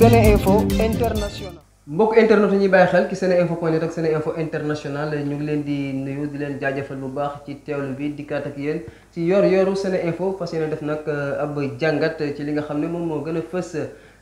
Sene Info International. mbokk internet ñuy bàyyi xel ci seneinfo.net ak Sene Info International ñu ngi leen di nuyu di leen jaajëfal bu baax ci teewlu bi dikkaat ak yéen ci yor yoru Sene Info fas yéene def nag euh, ab jàngat ci li nga xam ne moom moo gën a fës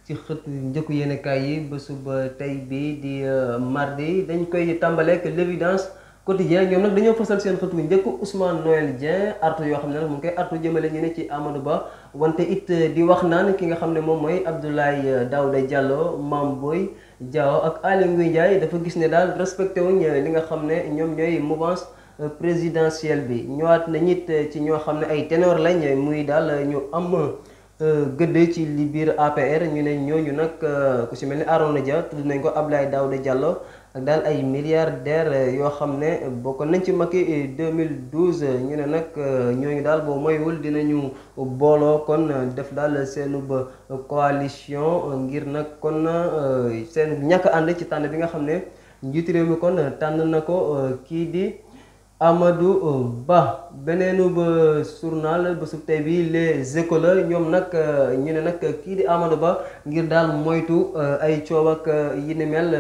ci xët njëkku yéenekaay yi ba suba euh, tey bii di euh, mardi dañ koy tàmbaleek l'évidence quotidien ñoom nag dañoo fësal seen xët gu njëkk Ousmane Noël Dieng artu yoo xam ne nag mu ngi koy artu jëmale ñu ne ci Amadou Ba wante it eh, di wax naan ki nga xam ne moom mooy Abdoulaye eh, Daouda Diallo maam booy Diao ak Aly Ngouille Ndiaye dafa gis ne daal respecté wuñ eh, li nga xam ne ñoom ñooy mouvance présidentielle bi ñëwaat na ñit ci ñoo xam ne ay ténor lañ muy daal ñu am gëdd ci li biir APR ñu ne ñooñu nag ku si mel ni na Dia tudd nañ ko Abdoulaye Daouda Diallo ak daal ay milliardaires euh, yoo xam ne euh, bokkoon nañ ci Macky 2012 euh, ñu ne nag ñooñu daal boo moywul dinañu booloo kon def daal seenub coalition ngir nag kon seen ñàkk ànd ci tànn bi nga xam ne njiitu mi kon tànn na ko kii di. amadu Ba beneenu ba journal ba sub tey bi les écoles ñoom nag euh, ñu ne nag kii di amadu Ba ngir daal moytu euh, ay coow ak euh, yi ni mel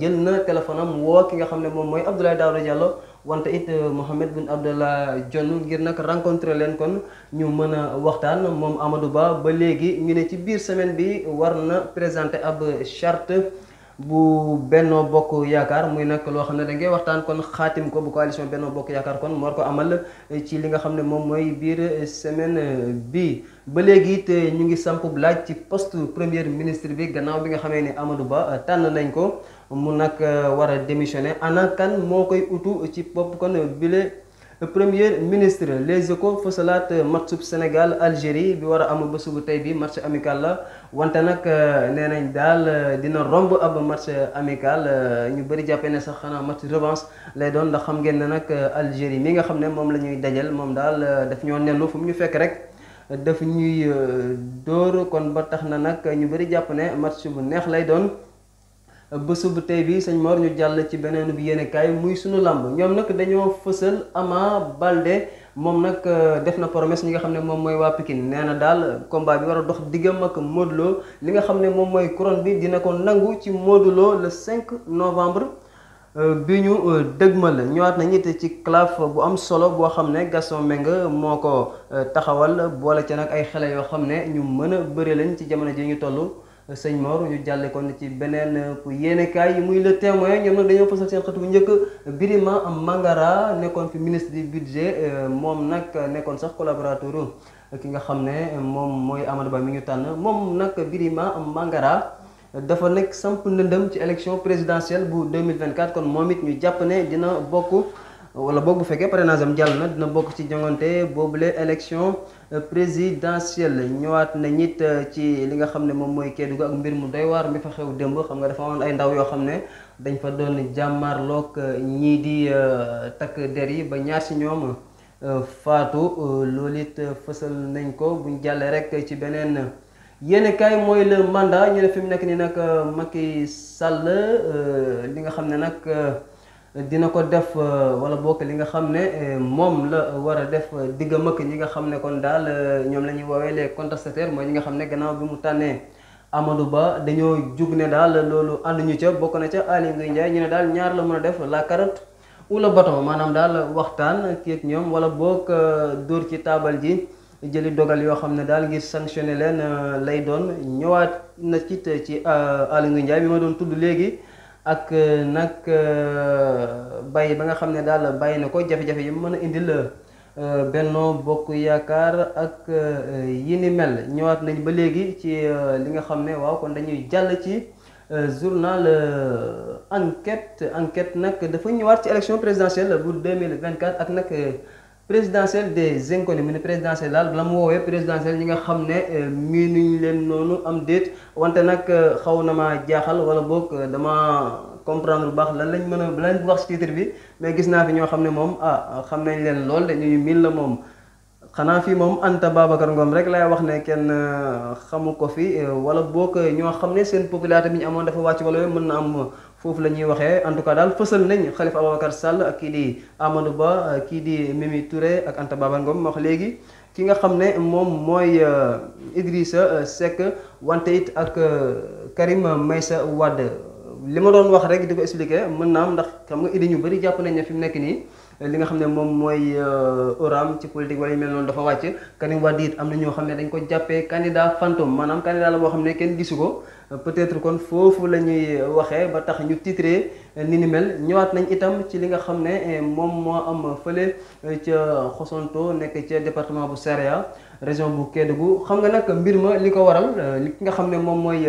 jël na téléphone am woo ki nga xam ne moom mooy Abdoulaye Daouda Diallo wante it Mohamed Boun Abdallah Dionne ngir nag rencontré leen kon ñu mën a waxtaan moom Amadou Ba ba léegi ñu ne ci biir semaine bi war na présenter ab charte. bu Benno Bokk Yaakaar muy nag loo xam ne da ngay waxtaan kon xaatim ko bu coalition Benno Bokk Yaakaar kon moo ko amal ci li nga xam ne moom mooy biir semaine bi ba léegi it ñu ngi samp laaj ci poste premier ministre bi gannaaw bi nga xamee ni Amadou Ba tànn nañ ko mu nag war a démissionner ana kan moo koy utu ci bopp kon bile. premier ministre les échos fësalaat euh, match Sénégal Algérie bi war a am bés bu tey bi match amical la wante nag euh, nee nañ daal euh, dina romb ab match amical ñu bëri jàppee ne sax xanaa match revanche lay doon ndax xam ngeen ne nag Algérie mi nga xam ne moom la ñuy dajal moom daal daf ñoo nennu fu mu ñu fekk rek daf ñuy dóor kon ba tax na nag ñu bëri jàpp ne match bu neex lay doon. bés bu tey bi sëñ Mor ñu jàll ci beneen bi yéene kaay muy sunu làmb ñoom nag dañoo fësal Ama Baldé moom nag euh, def na promesse ñi nga xam ne moom mooy waa nee na daal combat bi war a dox diggam ak Modou Lo li nga xam ne moom mooy couronne bi dina ko nangu ci Modou Lo le 5 novembre euh, bi ñu euh, dëgmal ñëwaat nañu it ci claf bu am solo boo xam ne Gaston Mbengue moo ko taxawal boole ca nag ay xale yoo xam ne ñu mën a bëri lañ ci jamono ji ñu toll. sëñ Mor ñu jàlle kon ci beneen euh, yéenekaay yi muy le témoin ñoom nag dañoo fësal seen xët bu njëkk Birima Mangara nekkoon fi ministre du budget euh, moom nag nekkoon sax collaborateur ki nga xam ne moom mooy Amadou Ba mi ñu tànn moom nag Birima Mangara dafa nekk samp ndëndëm ci élection présidentielle bu 2024 kon moom it ñu jàpp ne dina bokk wala boog bu fekkee parrainage am jàll na dina bokk ci jongante boobule élection présidentielle ñëwaat na ñit euh, ci li nga xam ne moom mooy Kédougou ak mbir mu doy waar mi fa xew démb xam nga dafa amoon ay ndaw yoo xam ne dañ fa doon jàmmarloog euh, ñii di euh, takk der yi ba ñaar si ñoom faatu loolu it fësal nañ ko buñ jàllee rek ci beneen yéen kaay mooy le mandat ñu ne fi mu nekk nii nag Macky Sall li nga xam ne nag. dina ko def euh, wala bokk li nga xam ne euh, moom la war a def euh, diggam ak ñi nga xam ne kon daal ñoom la ñuy woowee les contestataires mooy ñi nga xam ne gannaaw bi mu tànnee Amadou Ba dañoo jug ne daal loolu ñu ca bokk na ca Aly Ngouille Ndiaye ñu ne daal ñaar la mën a def la carotte ou le maanaam daal waxtaan kii ñoom wala bokk dóor ci taabal ji jëli dogal yoo xam ne daal ngir sanctionné leen lay doon ñëwaat na ci ci Aly Ngouille Ndiaye bi ma doon tudd léegi. ak nag euh, bàyyi ba nga xam ne daal bàyyi na ko jafe-jafe yi mën a indil euh, Benno Bokk Yaakaar ak euh, yi ni mel ñëwaat nañ ba léegi ci li nga xam ne waaw kon dañuy jàll ci journal enquête enquête nag dafa ñëwaat ci élection présidentielle bu 2024 ak nag présidentielle des inconnus mu ne présidentielle daal la mu woowee présidentielle ñi nga xam ne euh, miinuñ leen noonu am déet wante nag euh, xaw na ma jaaxal wala book euh, dama comprendre bu baax lan lañ mën a lan wax ci titre bi mais gis naa fi ñoo xam ne moom ah xam nañ leen lool dañuy miin la moom xanaa fii moom Anta Babacar Ngom rek lay wax ne kenn xamu ko fi wala book ñoo xam ne seen popularité bi ñu amoon dafa wàcc wala mën na am foofu la ñuy waxee en tout cas daal fësal nañ Khalifa Ababacar Sall ak kii di Amadou Ba kii di Mimi Touré ak Anta Baba Ngom wax léegi ki nga xam ne moom mooy euh, Idrissa euh, Seck wante it ak euh, Karim Meïssa Wade li ma doon wax rek di ko mën naa am ndax xam nga ñu bari jàpp nañ ne fi mu nekk nii li nga xam ne moom mooy oram ci politique wala yu mel noonu dafa wàcc Karim Wade it am na ñoo xam ne dañ ko jàppee candidat fantôme maanaam candidat la boo xam ne kenn gisu ko. peut-être kon foofu la ñuy waxee ba tax ñu titre euh, ni ni ñëwaat nañ itam ci li nga xam ne euh, moom moo am fële euh, ca Xosonto nekk ca département bu Saraya région bu gu xam nga nag mbir ma li ko waral ki nga xam ne moom mooy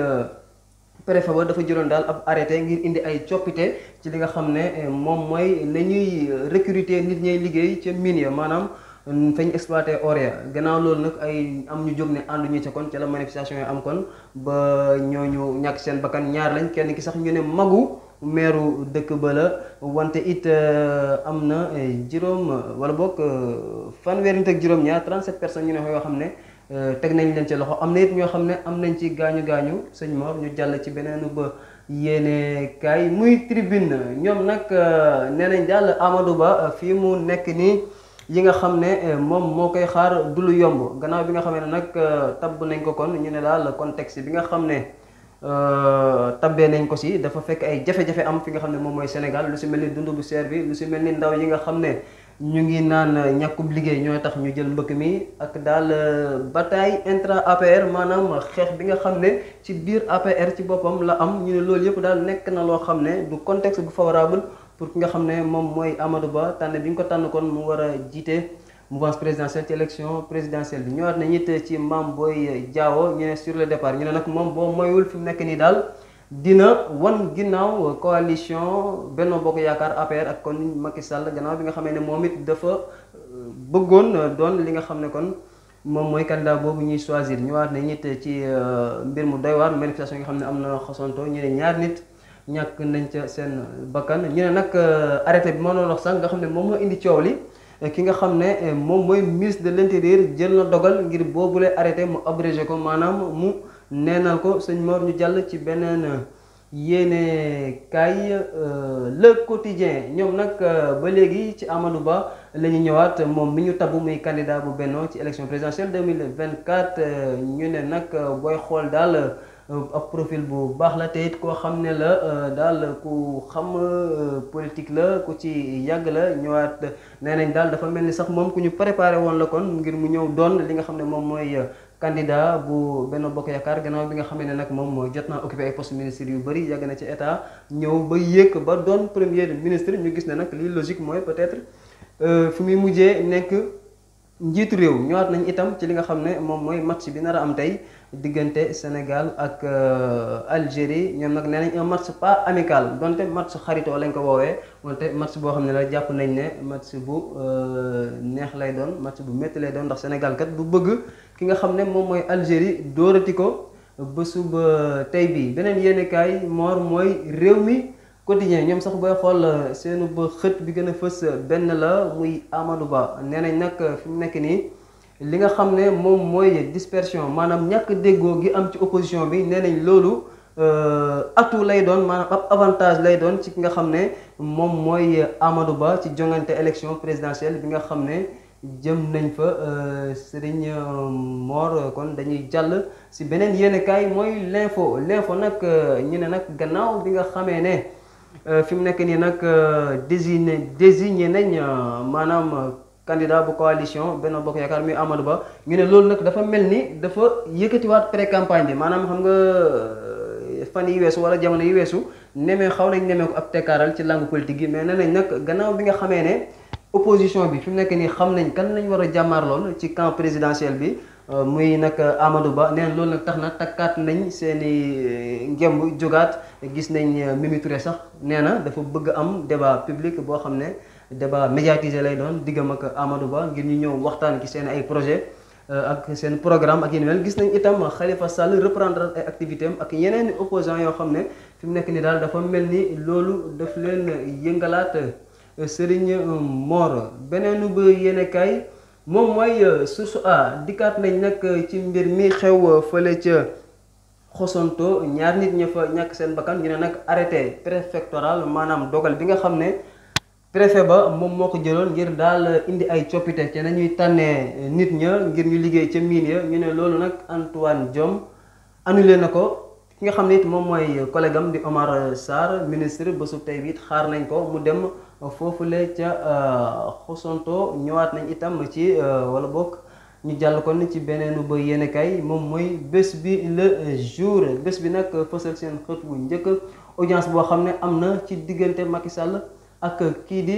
préfet ba dafa jëloon daal ab arrêté ngir indi ay coppite ci li nga xam ne moom mooy la ñuy recruter nit ñay liggéey ca mine ya maanaam fañ exploité or gannaaw loolu nag ay am ñu jóg ne ànduñu ca kon ca la manifestation yi am kon ba ñooñu ñàkk seen bakkan ñaar lañ kenn ki sax ñu ne magu meeru dëkk ba la wante it eh, am na eh, juróom eh, wala bokk fanweeri nit ak juróom-ñaar 37 personnes ñu ne yoo xam ne teg nañ leen ci loxo am na it ñoo xam ne am nañ ci gaañu gaañu sëñ Mor ñu jàll ci beneenu ba yéene kaay muy tribune ñoom nag ne nañ daal Amadou Ba fii mu nekk nii. yi nga xam ne euh, moom moo koy xaar du yomb gannaaw bi nga xam ne nag euh, tabb nañ ko kon ñu ne daal contexte bi nga xam ne euh, tabbee nañ ko si dafa fekk ay jafe-jafe am fi nga xam ne moom mooy Sénégal lu si mel ni dund bu seer bi lu si mel ni ndaw yi nga xam ne ñu ngi naan ñàkkub liggéey ñooy tax ñu jël mbëkk mi ak daal bataille intra APR maanaam xeex bi nga xam ne ci biir APR ci boppam la am ñu ne loolu yëpp daal nekk na loo xam ne du contexte bu favorable. pour ki nga xam ne moom mooy Amadou Ba tànn bi ñu ko tànn kon mu war a jiite mouvance présidentielle ci élection présidentielle bi ñëwaat na it ci Mame booy Diao ñu ne sur le départ ñu ne nag moom boo moyul fi mu nekk nii daal dina wan ginnaaw coalition bennoo Bokk Yaakaar APR ak kon makki Sall gannaaw bi nga xamee ne moom it dafa euh, bëggoon doon li nga xam ne kon moom mooy candidat boobu ñuy choisir ñëwaat nañ ñett ci euh, mbir mu doy waar manifestation yi nga xam ne am na ñàkk nañ ca seen bakkan ñu ne nag euh, arrêté bi moo doon wax sax nga xam ne moom moo indi coow li euh, ki nga xam ne euh, moom mooy ministre de l'intérieur jël na dogal ngir boobule arrêté mu abrégé ko maanaam mu neenal ko sëñ moor ñu jàll ci beneen yéene kaay le quotidien ñoom nag ba léegi ci Amadou Ba la ñu ñëwaat moom mi ñu tabb muy candidat bu bennoo ci élection présidentielle 2024 ñu ne nag booy xool daal Euh, ab profil bu baax la te it koo xam ne la euh, daal ku xam euh, politique la ku ci yàgg la ñëwaat nee nañ daal dafa mel ni sax moom ku ñu préparé woon la kon ngir mu ñëw doon li nga xam ne moom mooy candidat bu Benno Bokk Yaakaar bi nga xam nag moom jot naa occupé ay poste ministre yu bëri yàgg na ci état ñëw ba yëkk ba doon premier ministre ñu gis ne nag li logique mooy peut-être fi muy mujjee nekk njiitu réew ñëwaat nañ itam ci li nga xam ne moom mooy match bi nar a am tey. diggante Sénégal ak euh, Algérie ñoom nag nee nañ un match pas amical donte match xaritoo lañ ko woowee wante match boo xam ne la jàpp nañ ne match bu euh, neex lay doon match bu métti lay doon ndax Sénégal bu bëgg ki nga xam ne moom mooy Algérie dóorati ko bésu ba euh, tey bii beneen yéenekaay moor mooy réew mi quotidien ñoom sax booy xool seenu ba xët bi gën a fës benn la muy Amadou Ba nee nañ nag fi mu nekk nii. li nga xam ne moom mooy dispersion maanaam ñàkk déggoo gi am ci opposition bi nee nañ loolu euh, atu lay doon maanaam ab avantage lay doon ci ki nga xam ne moom mooy Amadou Ba ci jongante élection présidentielle bi nga xam ne jëm nañ fa euh, Serigne euh, Mor kon dañuy jàll si beneen yéenekaay mooy l'info l'info nag ñu ne nag gannaaw bi nga xamee ne fi mu nekk nii nag désigné désigné nañ maanaam. candidat bu coalition benn Bokk Yaakaar muy Amadou Ba ñu ne loolu nag dafa mel ni dafa yëkkatiwaat pre campagne bi maanaam xam nga euh, fan yi weesu wala jamono yi weesu nemee xaw nañ nemee ko ab tekkaaral ci langue politique yi mais nee nañ nag gannaaw bi nga xamee ne opposition bi fi mu nekk nii xam nañ kan lañ war a jàmmaar lool ci camp présidentiel bi euh, muy nag Amadou Ba nee loolu nag tax na takkaat nañ seen i euh, ngemb jogaat gis nañ Mimi Touré sax nee na dafa bëgg am débat public boo xam ne débat médiatisé lay doon diggam ak Amadou Ba ngir ñu ñëw waxtaan ci seen ay projet euh, ak seen programme ak yeneen mel gis nañ itam Khalifa Sall reprendre ay activité am ak yeneen opposants yoo xam ne fi mu nekk ni daal dafa mel ni loolu daf leen yëngalaat euh, Serigne Mor beneenu ba yéene kaay moom mooy euh, source a dikkaat nañ nag ci mbir mi xew fële ca xosonto ñaar nit ña fa ñàkk seen bakkan ñu ne nag arrêté préfectoral maanaam dogal bi nga xam ne préfet ba moom moo ko jëloon ngir daal indi ay coppite te nañuy tànnee nit ña ngir ñu liggéey ca miin ya ñu ne loolu nag Antoine jom annulé na ko ki nga xam ne it moom mooy collègue am di Omar Sarr ministre bësu su tey bi xaar nañ ko mu dem foofu foofule ca euh, xosanto ñëwaat nañ itam ci euh, wala bokk ñu jàll kon ci beneenu ba yéen kay moom mooy bés bi le jour bés bi nag fësal seen xët wu njëkk audience boo xam ne am na ci diggante Macky sàll ak kii di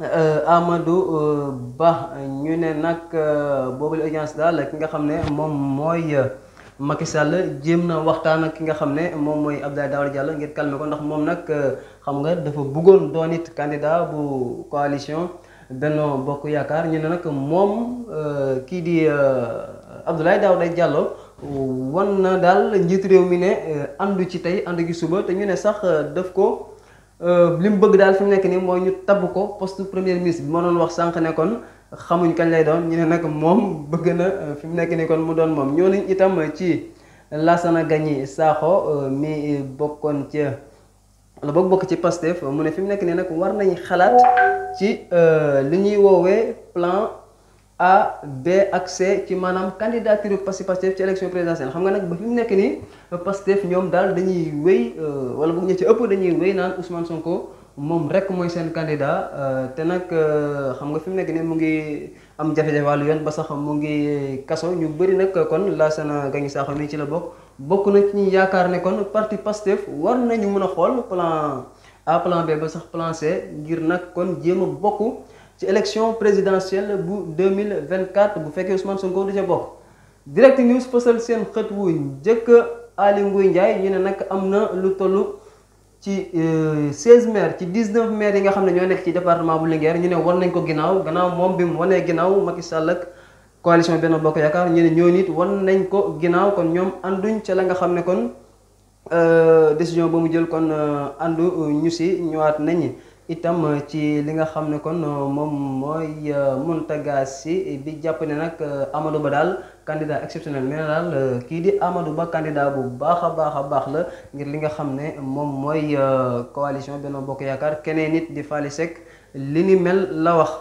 euh, Amadou euh, Ba ñu ne nag euh, boobu la audience daal ki nga xam ne moom mooy Macky jéem na waxtaan ak ki nga xam ne moom mooy Abdoulaye Daouda Diallo ngir calmer ko ndax moom nag xam nga dafa bëggoon doon it candidat bu coalition Benno Bokk Yaakaar ñu ne nag moom kii di Abdoulaye Daouda Diallo wan na daal njiitu réew mi ne andu ci tey ànd gi suba te ñu ne sax def ko. Euh, li mu bëgg daal fi mu nekk nii mooy ñu tabb ko poste premier ministre bi ma doon wax sànq ne kon xamuñ kañ lay doon ñu ne nag moom bëgg na euh, fi mu nekk nii kon mu doon moom ñoo nañ itam ci Lassana Gagny Sakho euh, mi bokkoon ca la bokk bokk ci Pastef mu ne fi mu nekk nii nag war nañ xalaat ci li ñuy woowee plan A B ak C ci maanaam candidature Pastef Pastef ci élection présidentielle xam nga nag ba fi mu nekk nii Pastef ñoom daal dañuy wéy euh, wala bu ñu ci ëpp dañuy wéy naan Ousmane Sonko moom rek mooy seen candidat euh, te nag euh, xam nga fi mu nekk nii mu ngi am jafe-jafe wàllu yoon ba sax mu ngi kaso ñu bëri nag kon Lassana Gagny Sakho mi ci la bokk bokk na ci ñi yaakaar ne kon parti Pastef war nañu mën a xool plan A plan B ba sax plan C ngir nag kon jéem a bokk. ci élection présidentielle bu mille vingt 2024 bu fekkee Ousmane Sonko du ca bokk direct news fësal seen xët wu njëkk Aly Ngouille Ndiaye ñu ne nag am na lu toll ci 16 euh, maires ci 19 maires yi nga xam ne ñoo nekk ci département bu Linguère ñu ne war nañ ko ginnaaw gannaaw moom bi mu wanee ginnaaw Macky Sall ak coalition benn Bokk Yaakaar ñu ne ñoo nit war nañ ko ginnaaw kon ñoom ànduñ ca la nga xam ne kon euh, décision ba mu jël kon euh, àndu ñu si ñëwaat nañ itam ci li nga xam ne kon euh, moom mooy euh, Mountaga Sy bi jàpp ne nag euh, Amadou Ba daal candidat exceptionnel mais daal kii di Amadou Ba candidat bu baax a baax a baax la ngir li nga xam ne moom mooy coalition benn Bokk Yaakaar keneen nit di Faly li ni mel la wax.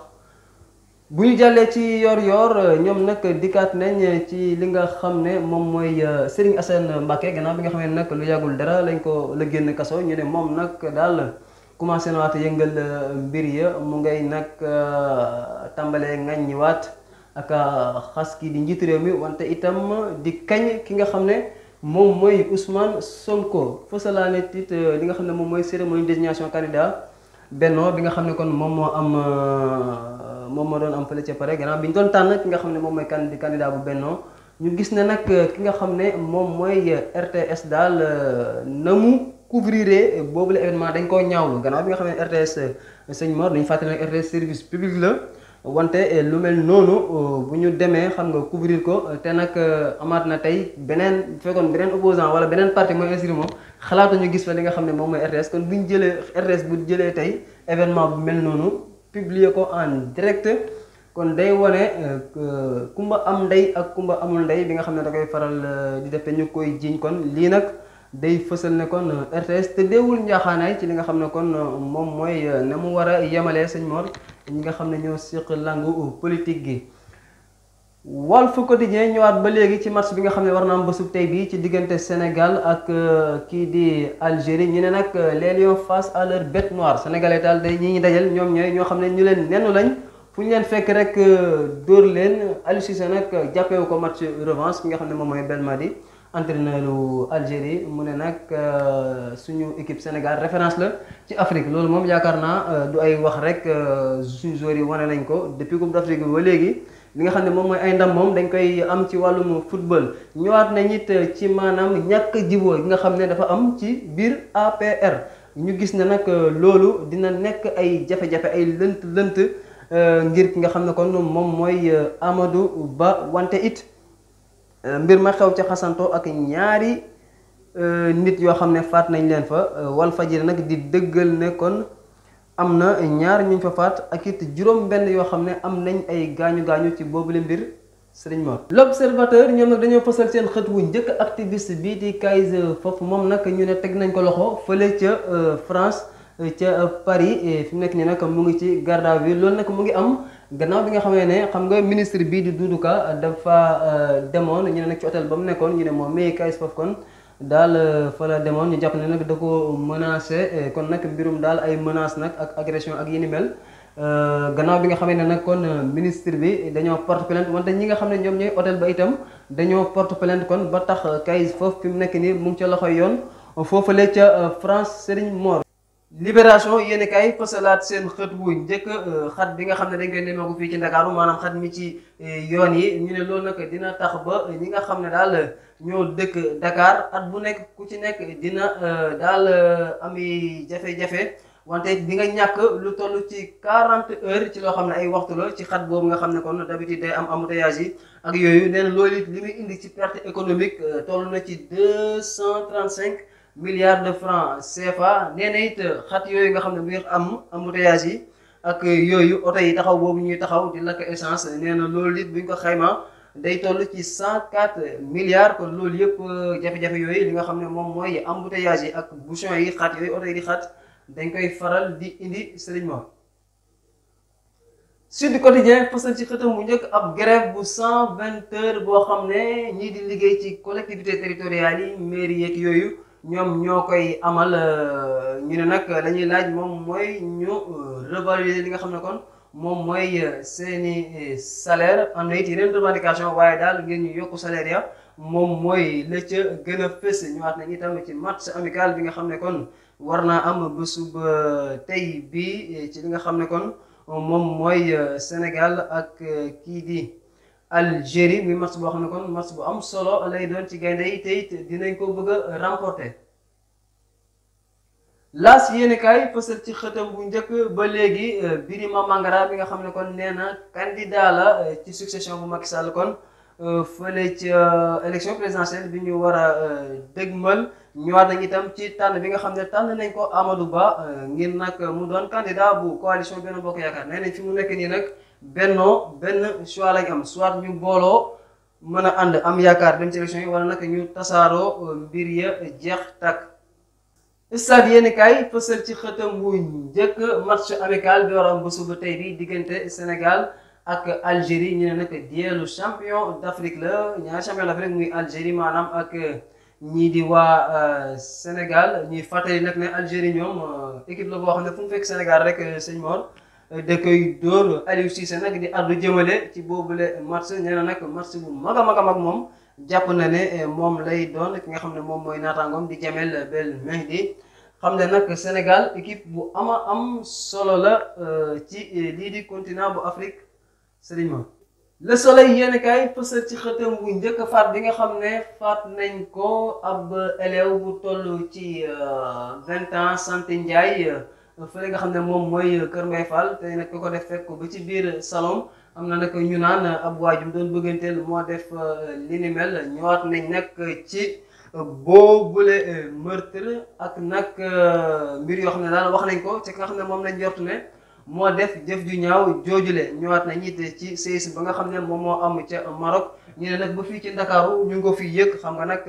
bu ñu jàllee ci yoor yoor ñoom nag dikkaat nañ ci li nga xam ne moom mooy Serigne Assane Mbacké gannaaw bi nga xam ne nag lu yàggul dara lañ ko la génn kaso ñu ne moom nag daal. commencé na waat yëngal euh, mbir ya mu ngay nag euh, tàmbalee ŋaññi waat ak euh, xas kii di njiitu réew mi wante itam di kañ ki nga xam ne moom mooy Ousmane Sonko fësalaane it li nga xam ne moom mooy cérémonie désignation candidat bi nga xam ne kon moom moo am moom moo doon am fële ca pare bi ñu doon tànn ki nga xam ne moom mooy kan candidat bu Benno ñu gis ne nag ki nga xam ne moom mooy RTS daal na mu couvrirez euh, boobu la événement dañ koo ñaawlu gannaaw bi nga xam ne RTS euh, sëñ Mor dañu fàttali ne RTS service public la wante euh, lu mel noonu bu ñu demee xam nga couvrir ko te nag amaat na tey beneen bu fekkoon beneen opposant wala beneen parti mooy inscrire moom xalaatu gis fa li nga xam ne moom mooy RTS kon bu ñu jëlee RTS bu jëlee tey événement bu mel noonu publier ko en direct. kon day wane kumba am ndey ak kumba amul ndey bi nga xam ne da koy faral di def te koy jiiñ kon lii nag. day fësal ne kon euh, RTS te déewul njaaxaanaay ci li nga xam ne kon euh, moom mooy euh, na mu war a yemalee sëñ Mor ñi nga xam ne ñoo siq langu politique gi. Walf Quotidien ñëwaat ba léegi ci match bi nga xam ne war na am bésub tey bi ci diggante Sénégal ak kii di Algérie ñu ne nag les lions face à leur bête noire sénégalais daal day ñi ñi dajal ñoom ñooy ñoo xam ne ñu leen nennu lañ fu ñu leen fekk rek dóor leen Aliou Cissé nag jàppewu ko match revanche bi nga xam ne moom mooy Belmadi entraîneur Algérie mu ne nag euh, suñu équipe Sénégal référence la ci Afrique loolu moom yaakaar naa euh, du ay wax rek euh, suñu joueurs yi wane nañ ko depuis Coupe d'Afrique ba léegi li xam ne moom mooy ay ndam moom dañ koy am ci wàllum football ñëwaat nañ it ci maanaam ñàkk jiboo gi nga xam ne dafa am ci biir APR ñu gis ne nag loolu dina nekk ay jafe-jafe ay lënt lënt ngir ki nga xam ne kon moom mooy Amadou Ba wante it mbir ma xew ca xasanto ak ñaari e, nit yoo xam ne faat nañ leen fa e, wal fajiri nag di dëggal ne kon am na ñaar ñu fa faat ak it juróom benn yoo xam ne am nañ ay gaañu gaañu ci boobu boobule mbir sëriñ Mor. L'Observateur ñoom nag dañoo fasal seen xët wu njëkk activiste bii di Kayz foofu moom nag ñu ne teg nañ ko loxo fële ca e, France ca Paris fi mu nekk nii nag mu ngi ci garde à loolu nag mu ngi am. gannaaw bi nga xamee ne xam nga ministre bii di Doudou Ka dafa euh, demoon ñu ne nag ci hôtel ba mu nekkoon ñu ne moom mais kaay foofu kon daal euh, fa la demoon ñu jàpp ne nag da ko menacé euh, kon nag mbirum daal ay menace nag ak agression ak yi ni mel gannaaw bi nga xamee ne nag kon ministre bi dañoo porte plainte wante ñi nga xam ne ñoom ñooy hôtel ba itam dañoo porte plainte kon ba tax kayis foofu fi mu nekk nii mu ngi ca loxoy yoon foofale ca France Serigne Mor. libération yéen kay fasalaat seen xët wu njëkk euh, xat bi nga xam ne dañ koy nemmeeku fii ci ndakaaru maanaam xat mi ci euh, yoon yi ñu ne loolu nag dina tax ba ñi nga xam ne daal ñoo dëkk Dakar at bu nekk ku ci nekk dina euh, daal ami jafe-jafe wante di nga ñàkk lu toll ci quarante heures ci loo xam ne ay waxtu la ci xat boobu nga xam ne kon d'habitude day am embouteillage yi ak yooyu neen na loolu li muy indi ci perte économique toll na ci 235. milliards de francs CFA nee na it xat yooyu nga xam ne mu ngi am embouteillage yi ak yooyu oto yi taxaw boobu ñuy taxaw di lakk essence nee na loolu it buñ ko xayma day toll ci cent quatre milliards kon loolu yëpp euh, jafe-jafe yooyu li nga xam ne moom mooy embouteillage yi ak bouchon yi xat yooyu oto yi di xat dañ koy faral di indi sëriñ ma Sud Quotidien fasal ci xëtam bu njëkk ab grève bu cent vingt heures boo xam ne ñii di liggéey ci collectivité territoriales yi mairie yeeg yooyu ñoom ñoo koy amal euh, ñu ne nag lañuy laaj moom mooy ñu euh, revaloriser li nga xam ne kon moom mooy euh, seeni salaire am na it yeneen waaye daal ngeen ñu yokku salaire ya moom mooy la gën a fës ñëwaat nañu itam ci match amical bi nga xam ne kon war naa am bésub tey bi ci li nga xam ne kon moom mooy Sénégal ak kii di Algérie muy match boo xam ne kon match bu am solo lay doon ci gaynde yi te it dinañ ko bëgg a remporter laas yéenekaay fësal ci xëtam bu njëkk ba léegi euh, Birima Mangara bi nga xam ne kon nee na candidat la euh, ci succession bu Macky Sall kon euh, fële ci élection présidentielle bi ñu war a dëgmal ñëwaat nañ itam ci tànn bi nga xam ne tànn nañ ko Amadou Ba ngir nag mu doon candidat bu coalition Benno Bokk Yaakaar nee fi mu nekk nii nag. bennoo benn choix lañ am soit ñu booloo mën a ànd am yaakaar dem ci élection yi wala nag ñu tasaaroo euh, mbir ya jeex tàkk stade yéeni kaay fësal ci xëtam wu njëkk match amical bi war a am ba tey bi diggante Sénégal ak Algérie ñu ne nag dielu champion d'Afrique la ñaari champion d'Afrique muy Algérie maanaam ak euh, ñii di waa euh, Sénégal ñii fàttali nag ne Algérie ñoom équipe la boo xam ne fu fekk Sénégal rek sëñ Mor da koy dóor Aliou Cissé nag di àddu jëmale ci boobu match nee na nag match bu mag a mag a moom jàpp na ne eh, moom lay doon ki nga xam ne moom mooy naataangoom di Jamel Belmehdi xam ne nag Sénégal équipe bu ama am solo la eh, ci eh, lii di continent bu Afrique Serigne Mame le soleil yéen kaay fësal ci xëtam bu njëkk faat bi nga xam ne faat nañ ko ab élève bu toll ci vingt ans sant Ndiaye fële nga xam ne moom mooy Kër Mbaye Fall tey nag ku ko def fekk ba ci biir salon am na nag ñu naan ab waajum doon bëgganteel moo def euh, li ni mel ñëwaat nañ nag ci boobule euh, meurtre ak nag euh, mbir yoo xam ne daal wax nañ ko ci nga xam ne moom lañ jortu ne moo def def ju ñaaw joojule ñëwaat nañ it ci séisme ba nga xam ne moom moo am ca Maroc ñu ne nag ba fii ci Ndakaaru ñu ngi ko fi yëg xam nga nag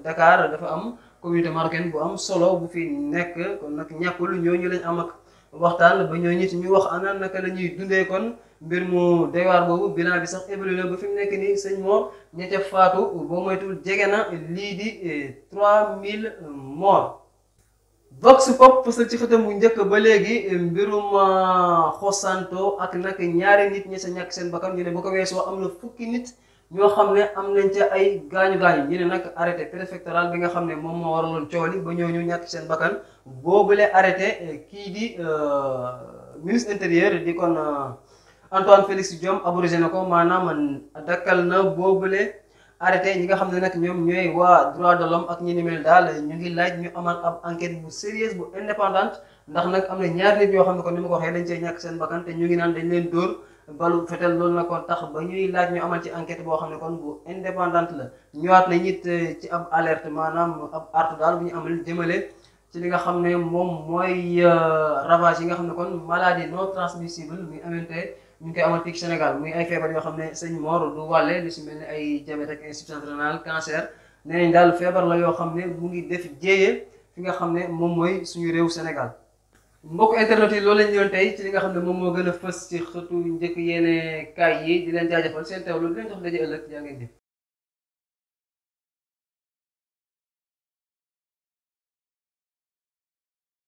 ndakaar dafa am. communauté marocaine bu am solo bu fi nekk kon nag ñàkkul ñooñu lañ am ak waxtaan ba ñoo ñit ñu wax ana naka la ñuy dundee kon mbir mu dewaar boobu bilan sax évolué na ba fi mu nekk nii sëñ moor ña ca faatu boo moytul jege na lii di 3000 eh, morts vox pop fësal ci xëtam bu njëkk ba léegi eh, mbirum ah, xosanto ak nag ñaari nit ñi sa ñàkk seen bakkan ñu ne bu ko weesoo am na fukki nit ñoo xam ne am nañ ca ay gaañu gaañu ñu ne nag arrêté préfectoral bi nga xam ne moom moo waraloon coow li ba ñëw ñu ñàkk seen bakkan boobule arrêté eh, kii di euh, ministre intérieur di kon euh, Antoine Félix Diome abrogé na ko maanaam dakkal na boobule arrêté ñi nga xam ne nag ñoom ñooy waa droit de l'homme ak ñi ni mel daal ñu ngi laaj ñu amal ab enquête bu sérieuse bu indépendante ndax nag am na ñaar nit yoo xam ne kon ni ma ko waxee dañ cee ñàkk seen bakkan te ñu ngi naan dañ leen dóor. balu fetel loolu na kon tax ba ñuy laaj ñu amal ci enquête boo xam ne kon bu indépendante la ñëwaat nañ it euh, ci ab alerte maanaam ab artu daal bu ñu amal jëmale ci li nga xam ne moom mooy euh, ravage yi nga xam ne kon maladie non transmissible muy amante ñu ngi koy amal fii ci Sénégal muy ay feebar yoo xam ne sëñ Mor du wàlle li si mel ne ay diabète ak insuffisance rénale cancer nee nañ daal feebar la yoo xam ne mu ngi def jéeye fi nga xam ne moom mooy suñu réew Sénégal mbokk internet yi loolu lañ ñëwoon tey ci li nga xam ne moom moo gën a fës ci xëtu njëkk yeneen kaay yi di leen jaajëfal seen teewlu di leen jox daje ëllëg yaa ngeen jëf